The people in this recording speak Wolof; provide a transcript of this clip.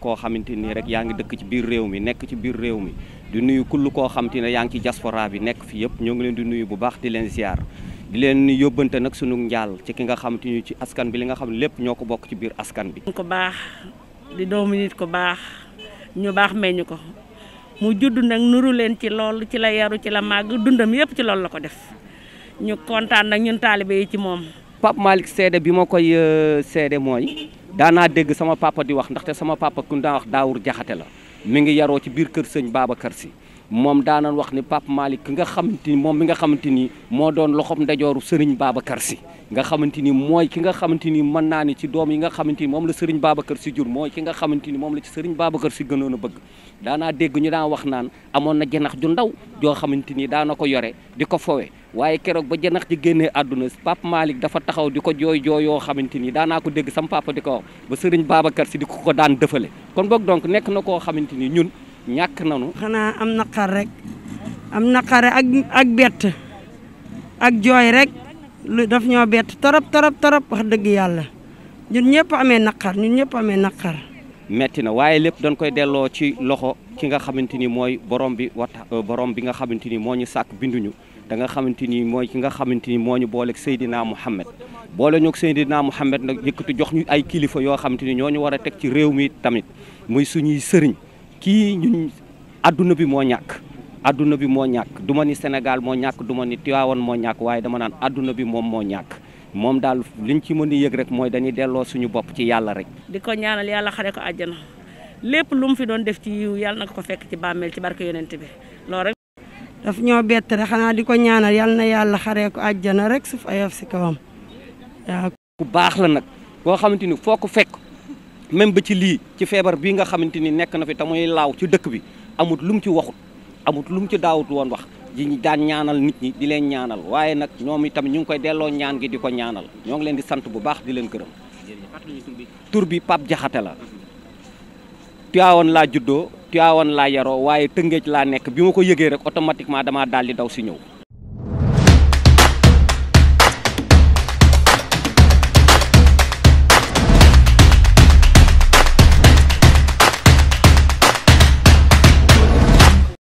koo xamante nii rek yaa ngi dëkk ci biir réew mi nekk ci biir réew mi di nuyu kull koo xamante ne yaa ngi ci diaspora bi nekk fi yëpp ñoo ngi leen di nuyu bu baax di leen ziar di leen yóbbante nag sunu njaal ci ki nga xamante ni ci askan bi li nga xam lépp ñoo ko bokk ci biir askan bi ko baax di doomu nit ko baax ñu baax ñu ko mu judd nag nuru leen ci lool ci la yaru ci la màgg dundam yëpp ci loolu la ko def ñu kontaan nag ñun taalibe yi ci moom Pape Malick seede bi ma koy euh, seede mooy daa naa dégg sama papa di wax ndaxte sama papa ku daa wax daawur jaxate la mu ngi yaroo ci biir kër sëñ Babacar si moom daa daanaan wax ni Pape Malick ki nga xamante ni moom mi nga xamante ni moo doon loxoom ndajooru Serigne Babacar si nga xamante ni mooy ki nga xamante ni mën naa ni ci doom yi nga xamante ni moom la baaba kër si jur mooy ki nga xamante ni moom la ci Serigne kër si gënoon a bëgg daanaa dégg ñu daan wax naan amoon na janax ju ndaw joo xamante ni daana ko yore di ko fowe waaye keroog ba janax ji génnee àdduna Pape Malick dafa taxaw di ko jooy jooy yoo xamante ni daanaa ko dégg sam papa di ko wax ba sëriñ Babacar si di ko ko daan dëfale kon boog donc nekk na koo xamante ni ñun ñàkk nanu xanaa am naqar rek am naqare ak ak bett ak jooy rek lu daf ñoo bett torop torop wax dëgg yàlla ñun ñëpp amee naqar ñun ñëpp amee naqar metti na waaye lépp dañ koy delloo ci loxo ki nga xamante ni mooy borom bi wat euh, borom bi nga xamante ni moo ñu sàkk binduñu da nga xamante ni mooy ki nga xamante ni moo ñu booleeg Seydina Mouhamed boole ñoog Seydina Mouhamed nag yëkkati jox ñu ay kilifa yoo xamante ni ñoo ñu war a teg ci réew mi tamit muy suñuy sëriñ kii ñun adduna bi moo ñàkk. adduna bi moo ñàkk duma ni Sénégal moo ñàkk duma ni Tivaouane moo ñàkk waaye dama naan adduna bi moom moo ñàkk. moom daal liñ ci mën a yëg rek mooy dañuy delloo suñu bopp ci yàlla rek. lépp lu mu fi doon def ci yiw yàlla nag ko fekk ci bàmmeel ci barke yonent bi lool rek. daf ñoo bett xanaa di ko ñaanal yal na yàlla xaree ko àjjana rek suuf ayof si kawam waaw. ku baax la nag boo xamante ni foo ko fekk même ba ci lii ci feebar bii nga xamante ni nekk na fi te muy laaw ci dëkk bi amut lu mu ci waxut amut lu mu ci daawut woon wax. di daan ñaanal nit ñi di leen ñaanal waaye nag ñoom itam ñu ngi koy delloo ñaan gi di ko ñaanal ñoo ngi leen di sant bu baax di leen gërëm. bi Pape Diakhaté la. Tiwaawan laa juddoo Tiwaawan laa yaroo waaye Tëngéej laa nekk bi ma ko yëgee rek automatiquement damaa daal di daw si ñëw